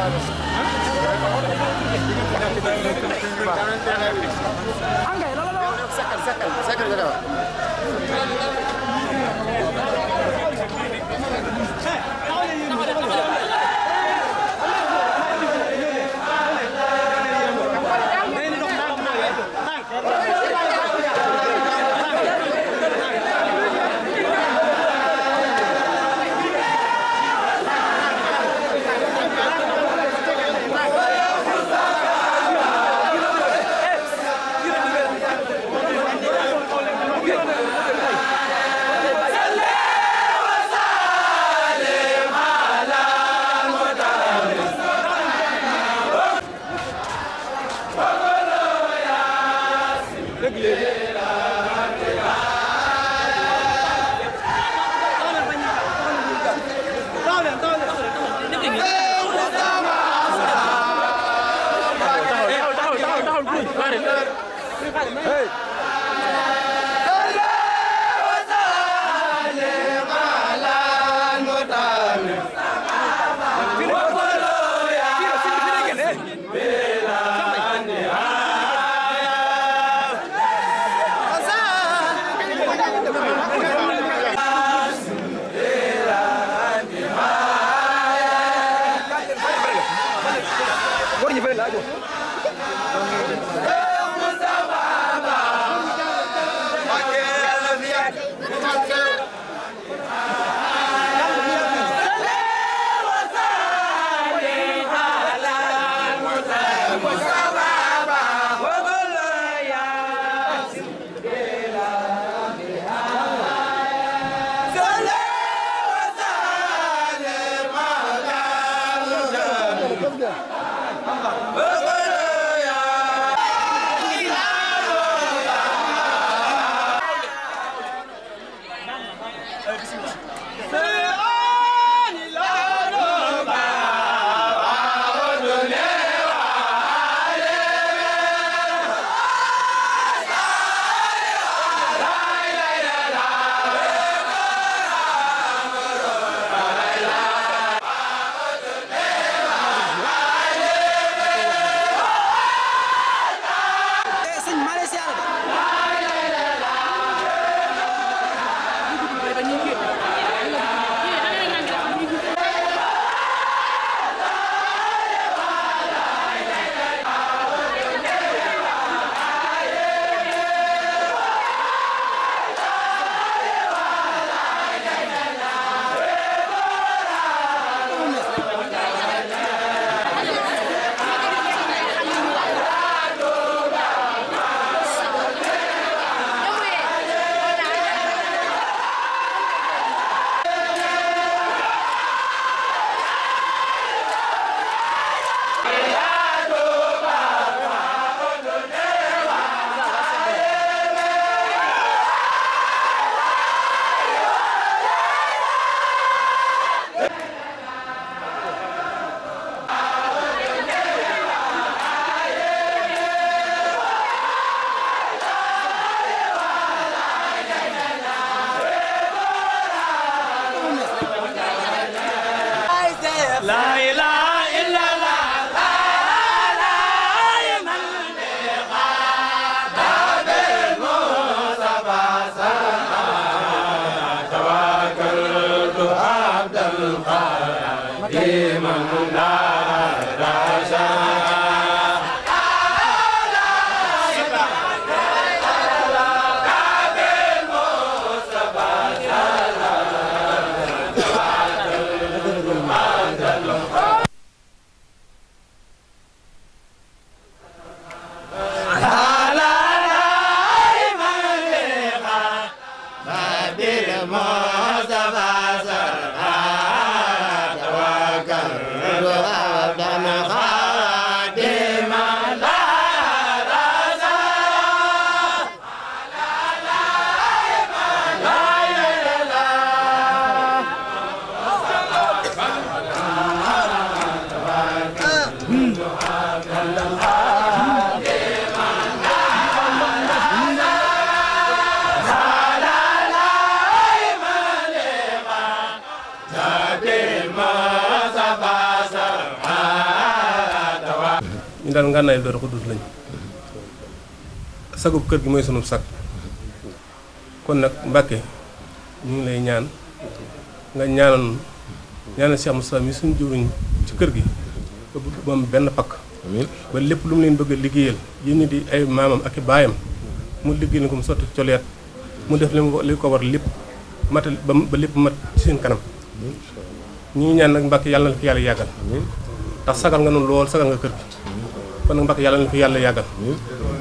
Angga, lalu lalu. Sekar, sekar, sekar berapa? 害的没有。Dimanda blow up. ñu daan na door ko dut lañ sagub kër gi mooy sunu sag kon nag mbàkke ñu ngi lay ñaan nga ñaanal ñaanal Cheikh Moussa mi suñu jëwriñ ci kër gi ba mu benn pakk ba lépp lu mu leen bëgg a liggéeyal yéen di ay maamam ak i baayam mu liggéeyal ko mu sotti coleet mu def li li ko war lépp ba lépp mat ci seen kanam ñu ngi ñaan nag mbàkke yàlla na fi yàlla yàggal ndax sagal nga noonu lool sagal nga kër gi kon nag mbak yàlla na fi yàlla yàggal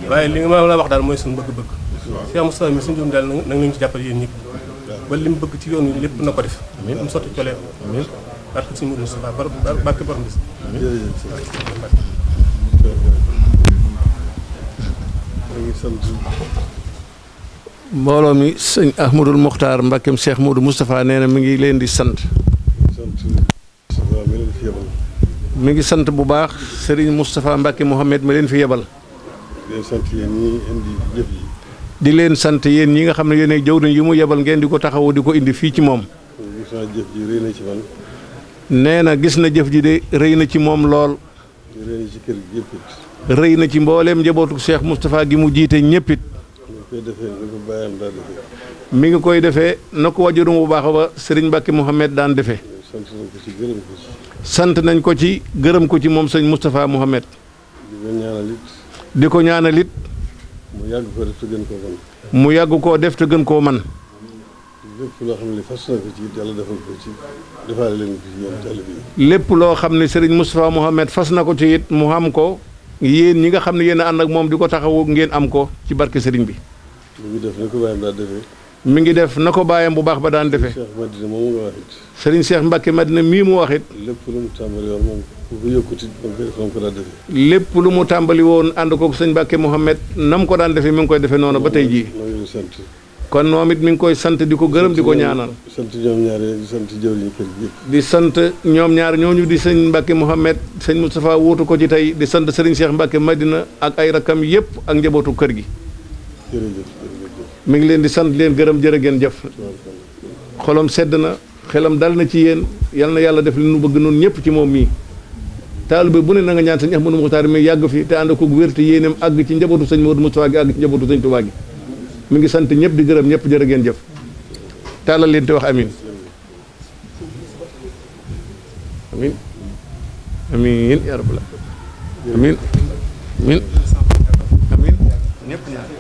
waaye li nga ma la wax daal mooy suñu bëgg-bëgg Cheikh Moustapha mi suñu juróom daal nag nañu ci jàppale yéen ba li mu bëgg ci yoon wi lépp na ko def mu sotti colee barke suñu Moustapha barke borom bis mbooloo mi sëñ Ahmadul Mokhtar Mbakkeem Cheikh Modou Moustapha nee na mi ngi leen di sant mi ngi sant bu baax Serigne Moustapha Mbacke Mouhamed ma leen fi yebal. di leen sant yéen ñi yi. nga xam ne yéen ay jawriñ yi mu yebal ngeen di ko taxawu di ko indi fii ci moom. gis na nee na gis na jëf ji de rëy na ci moom lool. rëy na ci mbooleem njabootu Cheikh Moustapha gi mu jiite ñëpp it. mi ngi koy defe na ko wajurum bu baax ba Serigne Mbacke Mouhamed daan defee. sant sant nañ ko ci gërëm ko ci moom sëñ mustapha Mohamed di ko ñaanal it mu yàgg ko def te gën koo man mu def lépp loo xam ne ko ko ci it mu xam ko yéen ñi nga xam ne yéen ànd ak moom di ko taxawu ngeen am ko ci barke sëriñ bi mi ngi def na ko bàyyam bu baax ba daan defee. Serigne Cheikh Mbacke Madina mii mu wax it. lépp lu mu tàmbali woon moom bu yëkkati moom ko lépp lu mu tàmbali woon ànd koog sëñ Mbacke Mouhamed na mu ko daan defee mi ngi koy defee noonu ba tey jii. kon moom it mi ngi koy sant di ko gërëm di ko ñaanal. sant ñoom ñaar di sant jëwriñu di sant ñoom ñaar ñooñu di sëñ Mbacke Mouhamed sëñ mu Moustapha wuutu ko ci tey di sant Serigne Cheikh Mbacke Madina ak ay rakkam yépp ak njabootu kër gi. mi ngi leen di sant leen gërëm jërë ngeen jëf xolam sedd na xelam dal na ci yéen yal na yàlla def li nu bëgg noonu ñëpp ci moom mii taalibe bu ne na nga ñaan sëñ Ahmadou Moukhtar mi yàgg fi te ànd ko wér te àgg ci njabootu sëñ Modou Moustapha gi àgg ci njabootu sëñ Touba gi mi ngi sant ñëpp di gërëm ñëpp jërë ngeen jëf taalal leen te wax amin amin